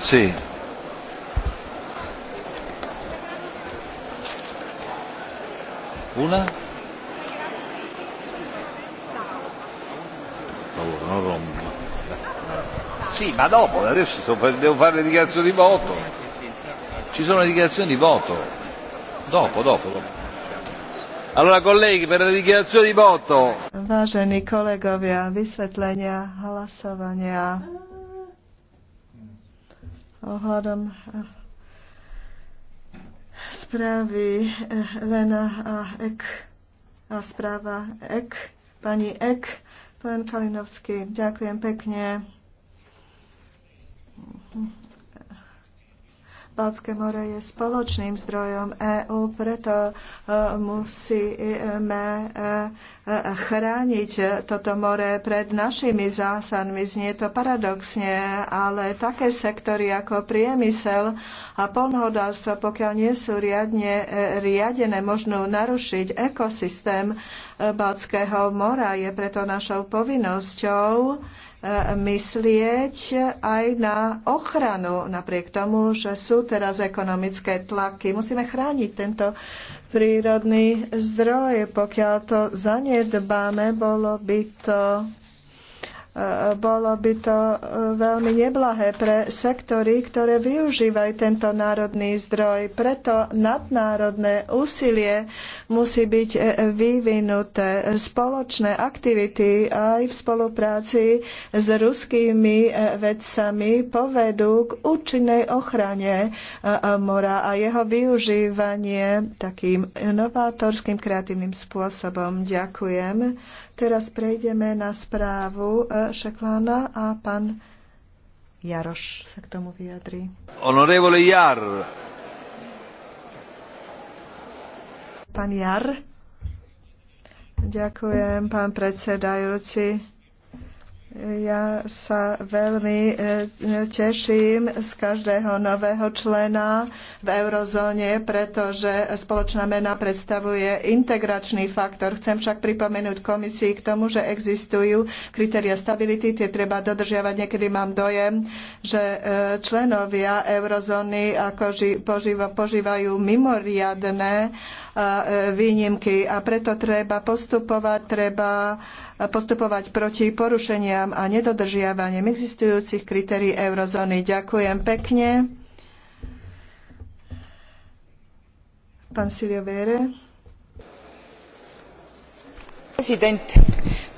Sí. Una. Favore, non Sì, ma dopo, adesso sto, devo fare le dichiarazioni di voto. Ci sono le dichiarazioni di voto. Dopo, dopo, dopo. Allora, colleghi, per le dichiarazioni di voto. Vážení kolegovia, vysvetlenia hlasovania ohľadom eh, správy eh, Lena a Ek a správa Ek, pani Ek, pán Kalinovský. Ďakujem pekne. Balcké more je spoločným zdrojom EÚ, preto e, musíme e, e, chrániť toto more pred našimi zásadmi. Znie to paradoxne, ale také sektory ako priemysel a polnohodárstvo, pokiaľ nie sú riadne riadené, možno narušiť ekosystém Balckého mora. Je preto našou povinnosťou myslieť aj na ochranu, napriek tomu, že sú teraz ekonomické tlaky. Musíme chrániť tento prírodný zdroj. Pokiaľ to zanedbáme, bolo by to bolo by to e, veľmi neblahé pre sektory, ktoré využívajú tento národný zdroj. Preto nadnárodné úsilie musí byť e, vyvinuté. Spoločné aktivity aj v spolupráci s ruskými e, vedcami povedú k účinnej ochrane mora a jeho využívanie takým novátorským kreatívnym spôsobom. Ďakujem. Teraz prejdeme na správu e, Šeklána a pán Jaroš sa k tomu vyjadrí. Honorevole Jar. Pán Jar. Ďakujem, pán predsedajúci. Ja sa veľmi e, teším z každého nového člena v eurozóne, pretože spoločná mena predstavuje integračný faktor. Chcem však pripomenúť komisii k tomu, že existujú kritéria stability, tie treba dodržiavať. Niekedy mám dojem, že e, členovia eurozóny ako požíva, požívajú mimoriadne e, výnimky a preto treba postupovať, treba postupovať proti porušeniam a nedodržiavaniam existujúcich kritérií eurozóny. Ďakujem pekne. Pán Silio Vére. President,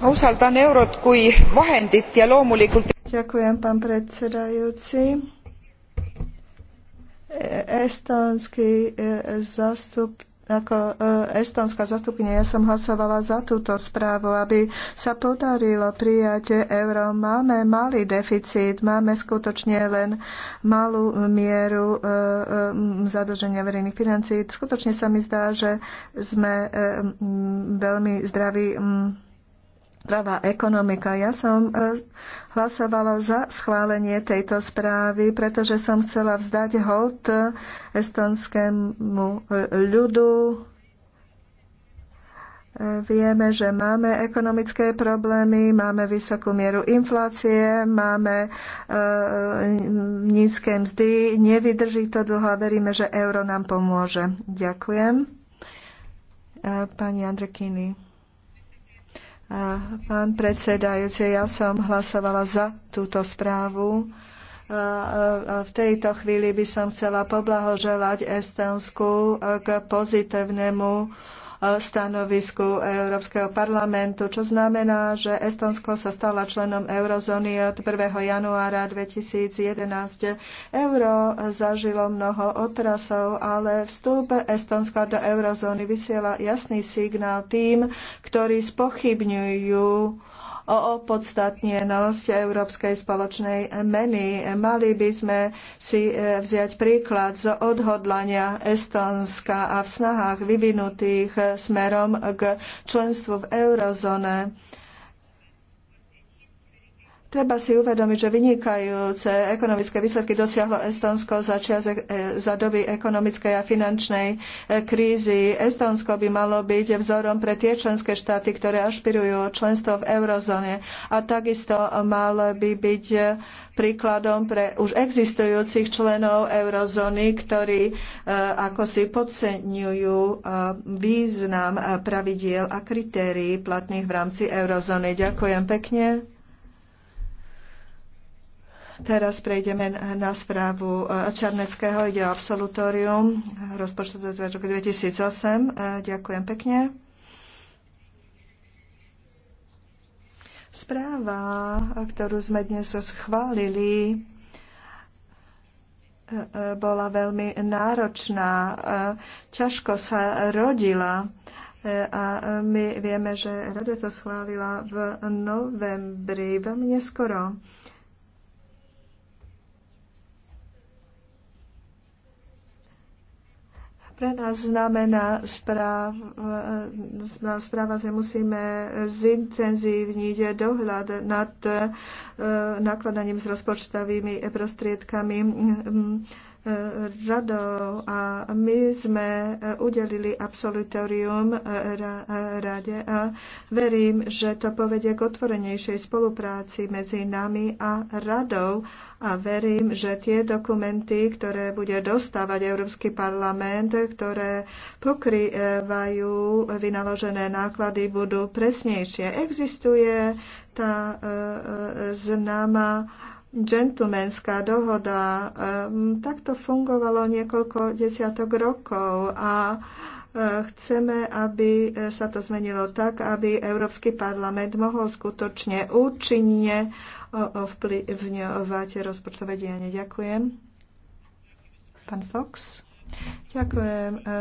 ma usaldan eurot kui vahendit ja loomulikult... Ďakujem, pán predsedajúci. E, estonský e, zástup ako e, estonská zastupkynia ja som hlasovala za túto správu, aby sa podarilo prijať euro. Máme malý deficit, máme skutočne len malú mieru e, e, zadlženia verejných financií. Skutočne sa mi zdá, že sme veľmi zdraví zdravá ekonomika. Ja som e, hlasovala za schválenie tejto správy, pretože som chcela vzdať hold estonskému e, ľudu. E, vieme, že máme ekonomické problémy, máme vysokú mieru inflácie, máme nízke mzdy, nevydrží to dlho a veríme, že euro nám pomôže. Ďakujem. Pani Andrekini. Pán predsedajúci, ja som hlasovala za túto správu. A v tejto chvíli by som chcela poblahoželať Estonsku e, k pozitívnemu stanovisku Európskeho parlamentu, čo znamená, že Estonsko sa stala členom eurozóny od 1. januára 2011. Euro zažilo mnoho otrasov, ale vstup Estonska do eurozóny vysiela jasný signál tým, ktorí spochybňujú o opodstatnenosť európskej spoločnej meny. Mali by sme si e, vziať príklad z odhodlania Estónska a v snahách vyvinutých e, smerom k členstvu v eurozóne. Treba si uvedomiť, že vynikajúce ekonomické výsledky dosiahlo Estonsko za, čas, e, za doby ekonomickej a finančnej e, krízy. Estonsko by malo byť vzorom pre tie členské štáty, ktoré ašpirujú členstvo v eurozóne a takisto mal by byť príkladom pre už existujúcich členov eurozóny, ktorí e, ako si podceňujú význam pravidiel a kritérií platných v rámci eurozóny. Ďakujem pekne. Teraz prejdeme na správu eh, Čarneckého. Ide o absolutórium rozpočtu do roku 2008. Eh, ďakujem pekne. Správa, ktorú sme dnes schválili, eh, bola veľmi náročná. Ťažko sa rodila a my vieme, že rada to schválila v novembri, veľmi neskoro. pre nás znamená správ, správa, že musíme zintenzívniť dohľad nad eh, nakladaním s rozpočtovými prostriedkami radou a my sme udelili absolutorium rade a verím, že to povedie k otvorenejšej spolupráci medzi nami a radou a verím, že tie dokumenty, ktoré bude dostávať Európsky parlament, ktoré pokrývajú vynaložené náklady, budú presnejšie. Existuje tá e, e, známa džentlmenská dohoda. Ehm, Takto fungovalo niekoľko desiatok rokov a e, chceme, aby e, sa to zmenilo tak, aby Európsky parlament mohol skutočne účinne e, ovplyvňovať rozpočtové dianie. Ďakujem. Pán Fox. Ďakujem. E, e,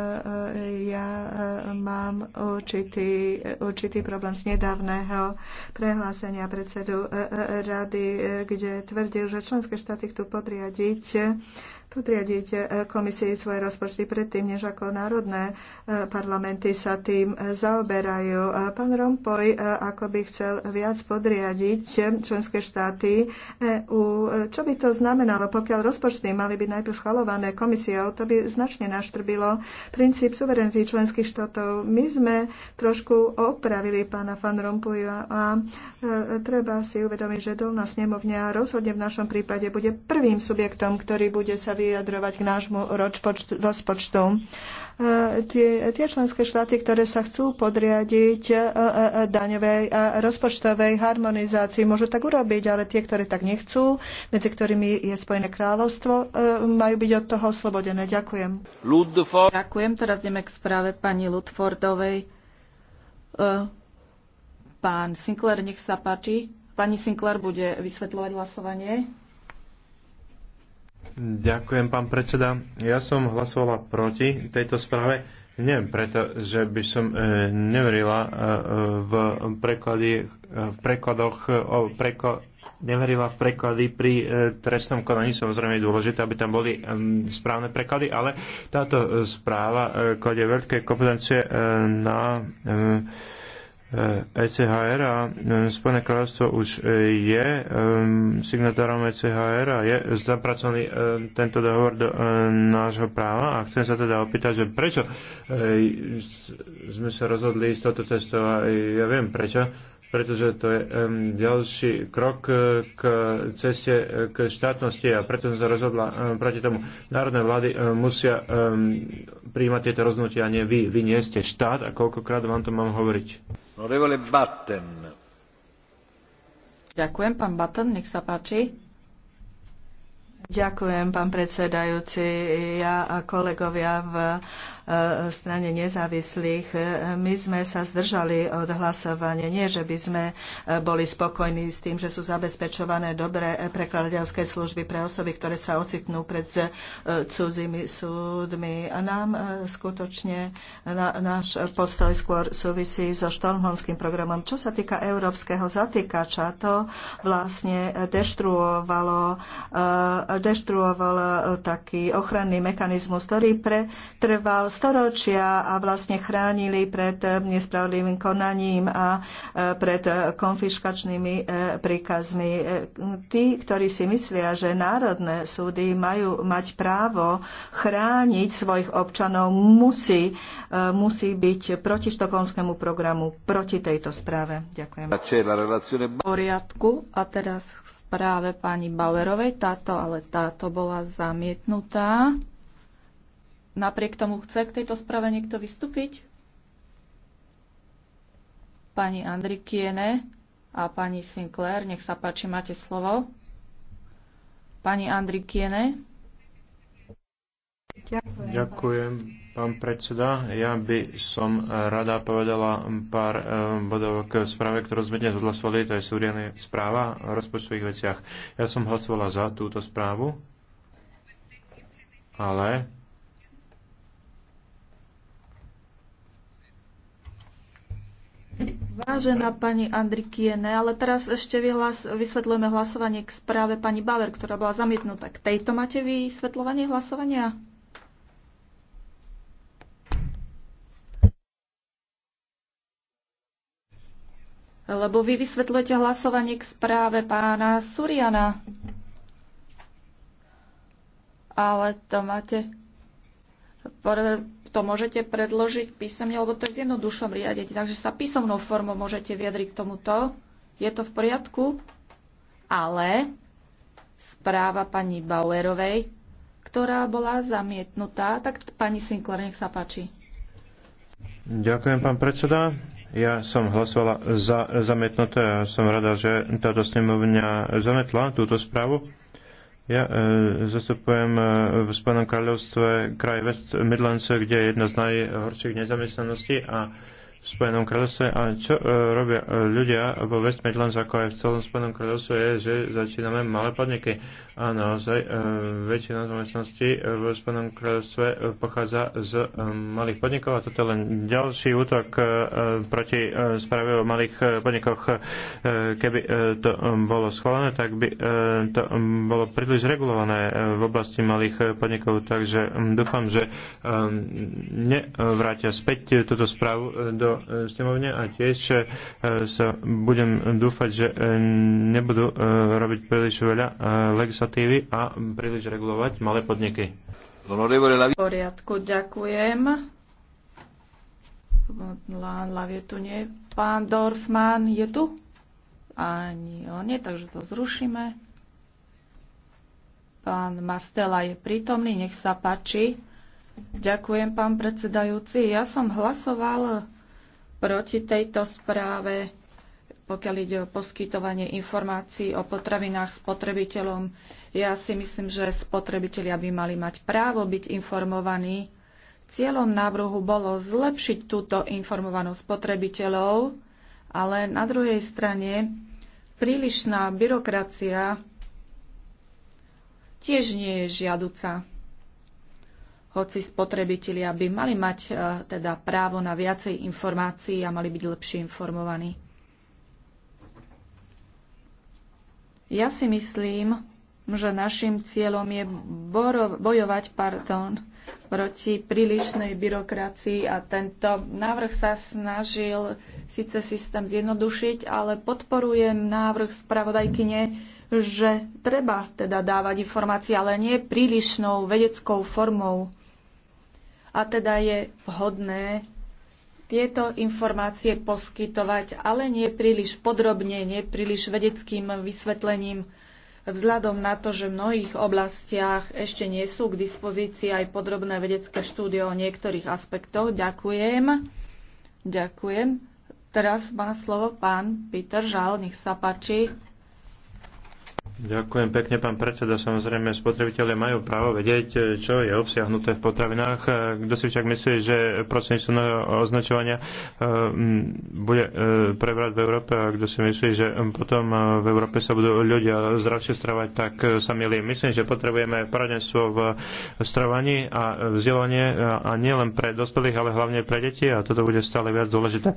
ja e, mám určitý, určitý problém z nedávneho prehlásenia predsedu rady, kde tvrdil, že členské štáty chcú podriadiť podriadiť e, komisii svoje rozpočty predtým, než ako národné e, parlamenty sa tým zaoberajú. E, pán Rompoj ako by chcel viac podriadiť členské štáty EU. Čo by to znamenalo, pokiaľ rozpočty mali byť najprv schvalované komisiou, to by značne naštrbilo princíp suverenity členských štátov. My sme trošku opravili pána Van Rompuya a treba si uvedomiť, že dolná snemovňa rozhodne v našom prípade bude prvým subjektom, ktorý bude sa vyjadrovať k nášmu rozpočtu e, tie, tie členské štáty, ktoré sa chcú podriadiť e, e, daňovej a rozpočtovej harmonizácii, môžu tak urobiť, ale tie, ktoré tak nechcú, medzi ktorými je Spojené kráľovstvo, majú byť od toho oslobodené. Ďakujem. Ludford. Ďakujem. Teraz ideme k správe pani Ludfordovej. Pán Sinclair, nech sa páči. Pani Sinclair bude vysvetľovať hlasovanie. Ďakujem, pán predseda. Ja som hlasovala proti tejto správe. Nie, preto, že by som e, neverila e, v, preklady, e, v prekladoch e, o preko, neverila v preklady pri e, trestnom konaní. Samozrejme je dôležité, aby tam boli e, správne preklady, ale táto správa e, kladie veľké kompetencie e, na e, ECHR e a e, Spojené kráľovstvo už e, je signatárom ECHR a je zapracovaný tento dohovor do nášho práva a chcem sa teda opýtať, že prečo sme sa rozhodli s touto cestou a ja viem prečo, pretože to je ďalší krok eh, k ceste eh, k štátnosti a preto som sa rozhodla eh, proti tomu. Národné vlády musia príjmať tieto rozhodnutia, a nie vy. Vy nie ste štát a koľkokrát vám to mám hovoriť. Ďakujem, pán Batten, nech sa páči. Ďakujem, pán predsedajúci. Ja a kolegovia v E, strane nezávislých. E, my sme sa zdržali od hlasovania. Nie, že by sme e, boli spokojní s tým, že sú zabezpečované dobré prekladateľské služby pre osoby, ktoré sa ocitnú pred cudzími súdmi. A nám skutočne náš postoj skôr súvisí so štolmholmským programom. Čo sa týka európskeho zatýkača, to vlastne deštruovalo, deštruovalo taký ochranný mechanizmus, ktorý pretrval storočia a vlastne chránili pred nespravodlivým konaním a e, pred konfiškačnými e, príkazmi. E, tí, ktorí si myslia, že národné súdy majú mať právo chrániť svojich občanov, musí, musí byť proti štokholmskému programu, proti tejto správe. Ďakujem. V poriadku a teraz správe pani Bauerovej, táto, ale táto bola zamietnutá. Napriek tomu chce k tejto správe niekto vystúpiť? Pani Andrikiene a pani Sinclair, nech sa páči, máte slovo. Pani Andrikiene. Ďakujem. Ďakujem, pán predseda. Ja by som rada povedala pár eh, bodov k správe, ktorú sme dnes odhlasovali. To je súriane správa o rozpočtových veciach. Ja som hlasovala za túto správu, ale Vážená pani Andrikiene, ale teraz ešte vyhlas, vysvetľujeme hlasovanie k správe pani Bauer, ktorá bola zamietnutá. K tejto máte vysvetľovanie hlasovania? Lebo vy vysvetľujete hlasovanie k správe pána Suriana. Ale to máte to môžete predložiť písomne, lebo to je v jednoduchšom riadení. Takže sa písomnou formou môžete vyjadriť k tomuto. Je to v poriadku, ale správa pani Bauerovej, ktorá bola zamietnutá, tak pani Sinclair, nech sa páči. Ďakujem, pán predseda. Ja som hlasovala za zamietnuté a som rada, že táto snemovňa zametla túto správu ja e, zastupujem e, v Spojenom kráľovstve kraj West Midlands, kde je jedna z najhorších nezamestnaností a e, v Spojenom kráľovstve. A čo e, robia e, ľudia vo West Midlands, ako aj v celom Spojenom kráľovstve, je, že začíname malé podniky. A naozaj e, väčšina zamestnanosti e, v Spojenom kráľovstve e, pochádza z e, malých podnikov a toto je len ďalší útok e, e proti e, správe o malých podnikoch. E, keby e, to e, bolo schválené, tak by e, to e, bolo príliš regulované e, v oblasti malých podnikov, takže e, dúfam, že e, nevrátia späť túto správu do E, snemovne a tiež e, sa budem dúfať, že e, nebudú robiť príliš veľa legislatívy a príliš regulovať malé podniky. V poriadku, ďakujem. Lavie tu nie. Pán Dorfman je tu? Ani on nie, takže to zrušíme. Pán Mastela je prítomný, nech sa páči. Ďakujem, pán predsedajúci. Ja som hlasoval proti tejto správe, pokiaľ ide o poskytovanie informácií o potravinách spotrebiteľom. Ja si myslím, že spotrebitelia by mali mať právo byť informovaní. Cieľom návrhu bolo zlepšiť túto informovanosť spotrebiteľov, ale na druhej strane prílišná byrokracia tiež nie je žiaduca hoci spotrebitelia by mali mať e, teda právo na viacej informácií a mali byť lepšie informovaní. Ja si myslím, že našim cieľom je bojovať pardon, proti prílišnej byrokracii a tento návrh sa snažil síce systém zjednodušiť, ale podporujem návrh spravodajkyne, že treba teda dávať informácie, ale nie prílišnou vedeckou formou a teda je vhodné tieto informácie poskytovať, ale nie príliš podrobne, nie príliš vedeckým vysvetlením, vzhľadom na to, že v mnohých oblastiach ešte nie sú k dispozícii aj podrobné vedecké štúdie o niektorých aspektoch. Ďakujem. Ďakujem. Teraz má slovo pán Peter Žal, nech sa páči. Ďakujem pekne, pán predseda. Samozrejme, spotrebitelia majú právo vedieť, čo je obsiahnuté v potravinách. E, kto si však myslí, že prostredníctvom označovania e, bude e, prebrať v Európe a kto si myslí, že potom v Európe sa budú ľudia zdravšie stravať, tak sa milí. Myslím, že potrebujeme poradenstvo v stravaní a vzdelanie a nielen pre dospelých, ale hlavne pre deti a toto bude stále viac dôležité.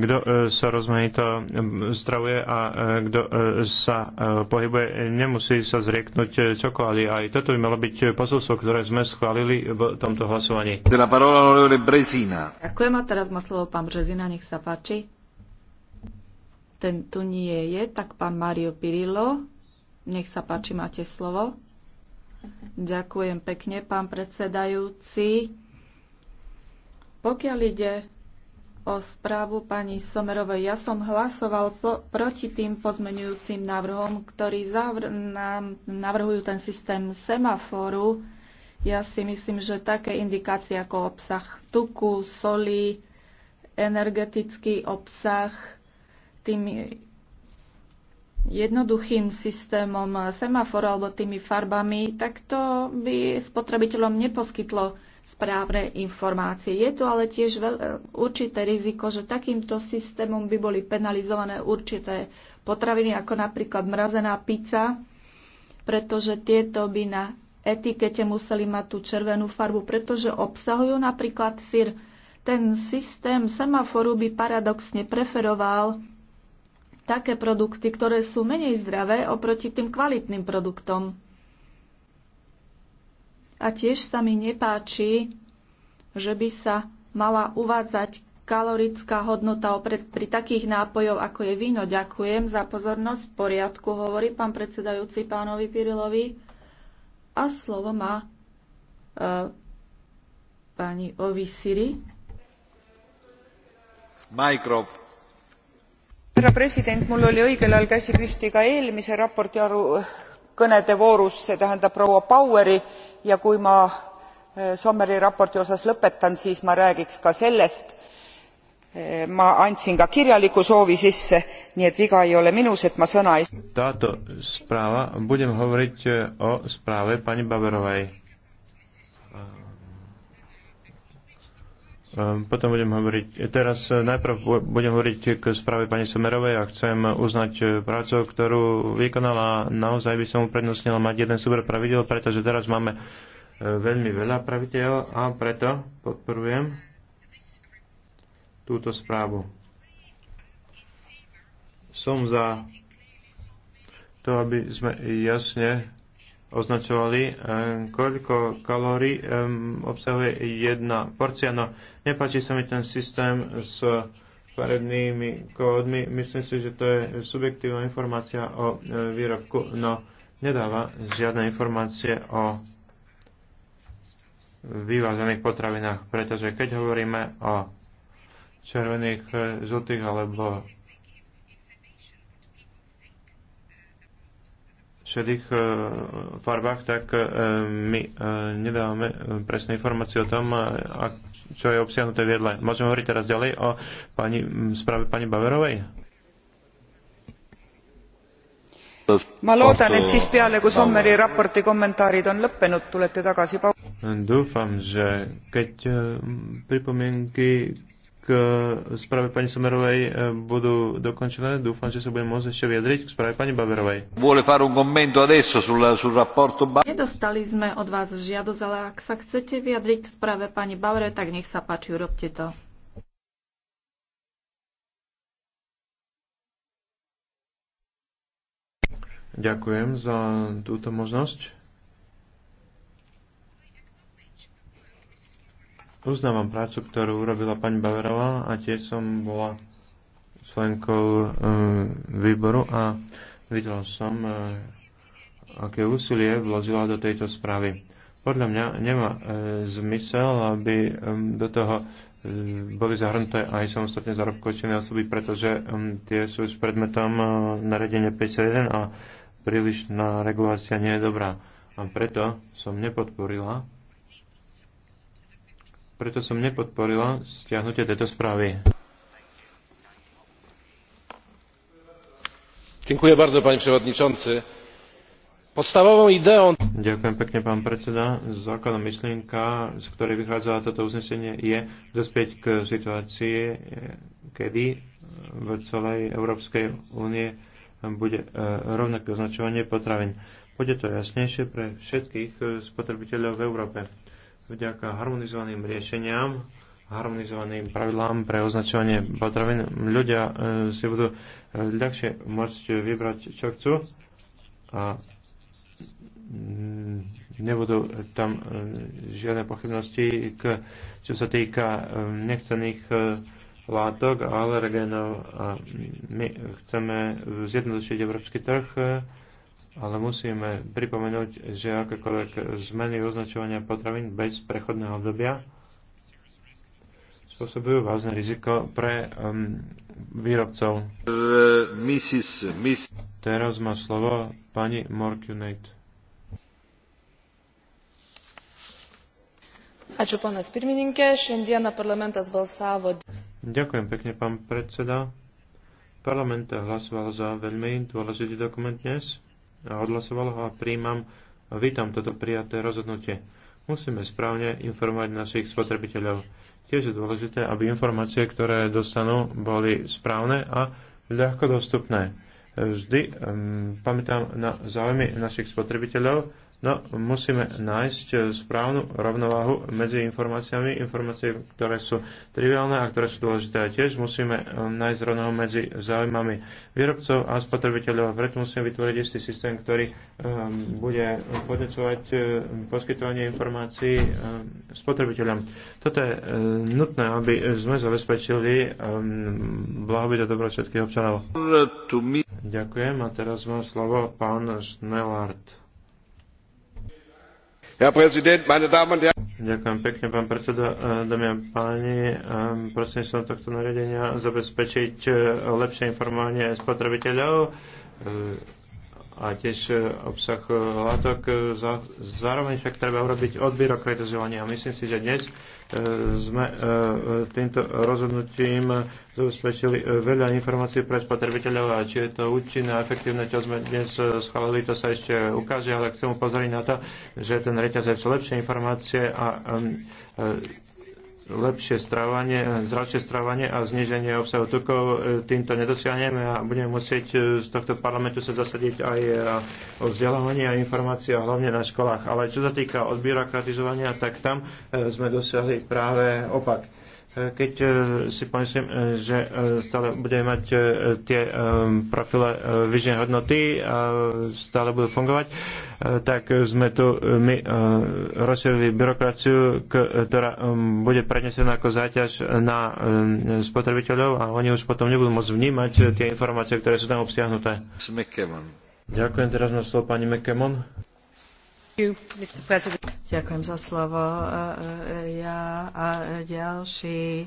Kto sa rozmanito stravuje a kto sa pohybuje potrebuje, nemusí sa zrieknúť eh, čokoľvek. Aj toto by malo byť eh, posolstvo, ktoré sme schválili v tomto hlasovaní. Ďakujem a teraz má slovo pán Březina, nech sa páči. Ten tu nie je, tak pán Mario Pirillo, nech sa páči, máte slovo. Ďakujem pekne, pán predsedajúci. Pokiaľ ide o správu pani Somerovej. Ja som hlasoval po, proti tým pozmenujúcim návrhom, ktorí zavr- nám navrhujú ten systém semaforu. Ja si myslím, že také indikácie ako obsah tuku, soli, energetický obsah, tým jednoduchým systémom semafora alebo tými farbami, tak to by spotrebiteľom neposkytlo správne informácie. Je tu ale tiež určité riziko, že takýmto systémom by boli penalizované určité potraviny, ako napríklad mrazená pizza, pretože tieto by na etikete museli mať tú červenú farbu, pretože obsahujú napríklad syr. Ten systém semaforu by paradoxne preferoval také produkty, ktoré sú menej zdravé oproti tým kvalitným produktom. A tiež sa mi nepáči, že by sa mala uvádzať kalorická hodnota opred pri takých nápojov, ako je víno. Ďakujem za pozornosť. V poriadku, hovorí pán predsedajúci pánovi Pirilovi. A slovo má e, pani Ovisiri. Majkrov mul oli õigel ajal käsi püsti ka eelmise raporti kõnede voorus see tähendab proua baueri ja kui ma äh, sommeri raporti osas lõpetan siis ma räägiks ka sellest. Äh, ma andsin ka kirjaliku soovi sisse nii et viga ei ole minus et ma sõna ei. táto budem hovoriť äh, o pani Ehm, potom budem hovoriť, eh, teraz eh, najprv budem hovoriť k správe pani Somerovej a chcem eh, uznať prácu, ktorú vykonala. Naozaj by som uprednostnila mať jeden super pravidel, pretože teraz máme veľmi veľa pravidel a preto podporujem túto správu. Som za to, aby sme jasne označovali, eh, koľko kalórií eh, obsahuje jedna porcia. No, nepáči sa mi ten systém s farebnými kódmi. Myslím si, že to je subjektívna informácia o eh, výrobku, no nedáva žiadne informácie o vyvážených potravinách, pretože keď hovoríme o červených, žltých alebo šedých e, farbách, tak e, my e, nedávame presné informácie o tom, čo je obsiahnuté v jedle. Môžeme hovoriť teraz ďalej o pani, správe pani Baverovej? ma loodan et siis peale kui sommeri raporti kommentaarid on lõppenud tulete tagasi dúfam že keď pripomienky k eh, správe pani Somerovej eh, budú dokončené. Dúfam, že sa budem môcť ešte vyjadriť k správe pani Baberovej. Nedostali sme od vás žiadosť, ale ak sa chcete vyjadriť k správe pani Baberovej, tak nech sa páči, urobte to. Ďakujem za túto možnosť. uznávam prácu, ktorú urobila pani Baverová a tiež som bola členkou eh, výboru a videl som, eh, aké úsilie vložila do tejto správy. Podľa mňa nemá eh, zmysel, aby do toho boli zahrnuté aj samostatne zarobkočené osoby, pretože tie sú už predmetom naredenia 51 a prílišná regulácia nie je dobrá. A preto som nepodporila preto som nepodporila stiahnutie tejto správy. Dziękuję bardzo, panie przewodniczący. Podstawową ideą... Ďakujem pekne, pán predseda. Základná myšlienka, z ktorej vychádza toto uznesenie, je dospieť k situácii, kedy v celej Európskej únie bude e, rovnaké označovanie potravín. Bude to jasnejšie pre všetkých e, spotrebiteľov v Európe vďaka harmonizovaným riešeniam, harmonizovaným pravidlám pre označovanie potravín, ľudia e, si budú e, ľahšie môcť vybrať, čo chcú a mm, nebudú tam e, žiadne pochybnosti, k, čo sa týka nechcených látok a alergénov. A my chceme zjednodušiť európsky trh ale musíme pripomenúť, že akékoľvek zmeny označovania potravín bez prechodného obdobia spôsobujú vážne riziko pre um, výrobcov. Mrs. Mrs. Teraz má slovo pani Morkunate. Ačiū, ponas pirmininkė. Šiandieną parlamentas balsavo. Ďakujem pekne, pán predseda. Parlament hlasoval za veľmi dôležitý dokument dnes odhlasoval ho a príjmam, vítam toto prijaté rozhodnutie. Musíme správne informovať našich spotrebiteľov. Tiež je dôležité, aby informácie, ktoré dostanú, boli správne a ľahko dostupné. Vždy um, pamätám na záujmy našich spotrebiteľov No, musíme nájsť eh, správnu rovnováhu medzi informáciami, informácie, ktoré sú triviálne a ktoré sú dôležité. A tiež musíme eh, nájsť rovnováhu medzi záujmami výrobcov a spotrebiteľov. A preto musíme vytvoriť istý systém, ktorý um, bude podnecovať um, poskytovanie informácií um, spotrebiteľom. Toto je um, nutné, aby sme zabezpečili um, blahobyt a dobro všetkých občanov. Ďakujem a teraz mám slovo pán Snellard. Herr Präsident, meine Damen und Herren! Ďakujem pekne, pán predseda. E, Dámy a páni, e, prosím som tohto nariadenia zabezpečiť e, lepšie informovanie spotrebiteľov a tiež e, obsah e, látok. E, zároveň však treba urobiť odbyrokratizovanie a myslím si, že dnes sme týmto rozhodnutím zabezpečili veľa informácií pre spotrebiteľov a či je to účinné a efektívne, čo sme dnes schválili, to sa ešte ukáže, ale chcem upozoriť na to, že ten reťazec lepšie informácie a lepšie strávanie, zračšie strávanie a zniženie obsahu tukov e, týmto nedosiahneme a budeme musieť e, z tohto parlamentu sa zasadiť aj e, o vzdelávanie a informácie a hlavne na školách. Ale čo sa týka odbyrokratizovania, tak tam sme dosiahli práve opak keď e, si pomyslím, e, že e, stále budeme mať tie profile vyžnej hodnoty a stále budú fungovať, tak sme tu my rozšírili byrokraciu, ktorá bude prenesená ako záťaž na spotrebiteľov a oni už potom nebudú môcť vnímať tie informácie, ktoré sú tam obsiahnuté. Ďakujem, teraz na slovo pani McKemon. You, Ďakujem za slovo. E, e, ja a ďalší e,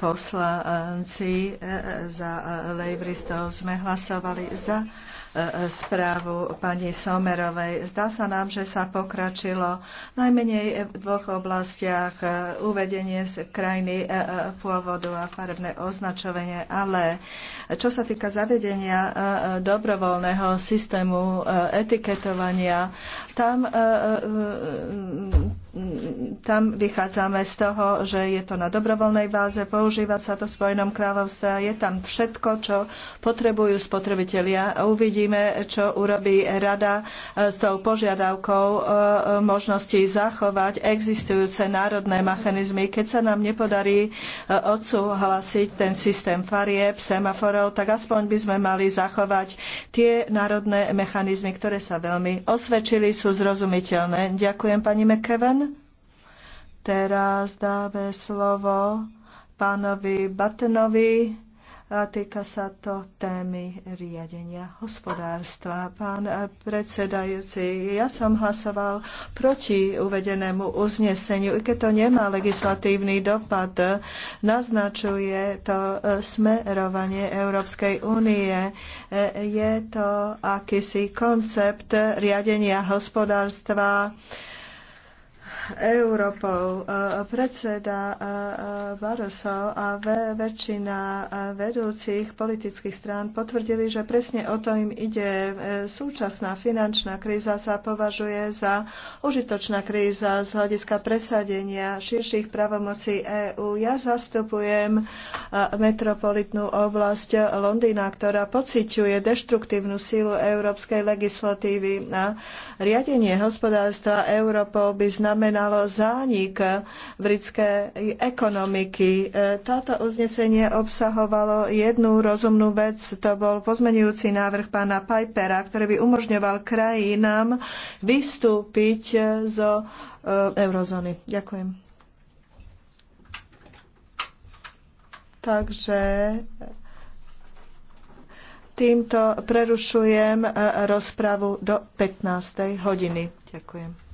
poslanci za Lejbristov sme hlasovali za E, správu pani Somerovej. Zdá sa nám, že sa pokračilo najmenej v dvoch oblastiach e, uvedenie z krajiny e, pôvodu a farebné označovanie, ale čo sa týka zavedenia dobrovoľného systému etiketovania, tam tam vychádzame z toho, že je to na dobrovoľnej báze, používa sa to v Spojenom kráľovstve a je tam všetko, čo potrebujú spotrebitelia. Uvidíme, čo urobí rada e, s tou požiadavkou e, možnosti zachovať existujúce národné mechanizmy. Keď sa nám nepodarí e, odsúhlasiť ten systém farieb, semaforov, tak aspoň by sme mali zachovať tie národné mechanizmy, ktoré sa veľmi osvedčili, sú zrozumiteľné. Ďakujem pani McKeven. Teraz dáme slovo pánovi Batnovi a týka sa to témy riadenia hospodárstva. Pán predsedajúci, ja som hlasoval proti uvedenému uzneseniu, i keď to nemá legislatívny dopad. Naznačuje to smerovanie Európskej únie. Je to akýsi koncept riadenia hospodárstva, Európou. E, predseda e, e, Barroso a väčšina vedúcich politických strán potvrdili, že presne o to im ide. Súčasná finančná kríza sa považuje za užitočná kríza z hľadiska presadenia širších pravomocí EÚ. Ja zastupujem metropolitnú oblasť Londýna, ktorá pociťuje deštruktívnu sílu európskej legislatívy na riadenie hospodárstva Európou by znamenalo znamenalo zánik britskej ekonomiky. E, Táto uznesenie obsahovalo jednu rozumnú vec, to bol pozmenujúci návrh pána Pipera, ktorý by umožňoval krajinám vystúpiť e, zo e, eurozóny. Ďakujem. Takže týmto prerušujem rozpravu do 15. hodiny. Ďakujem.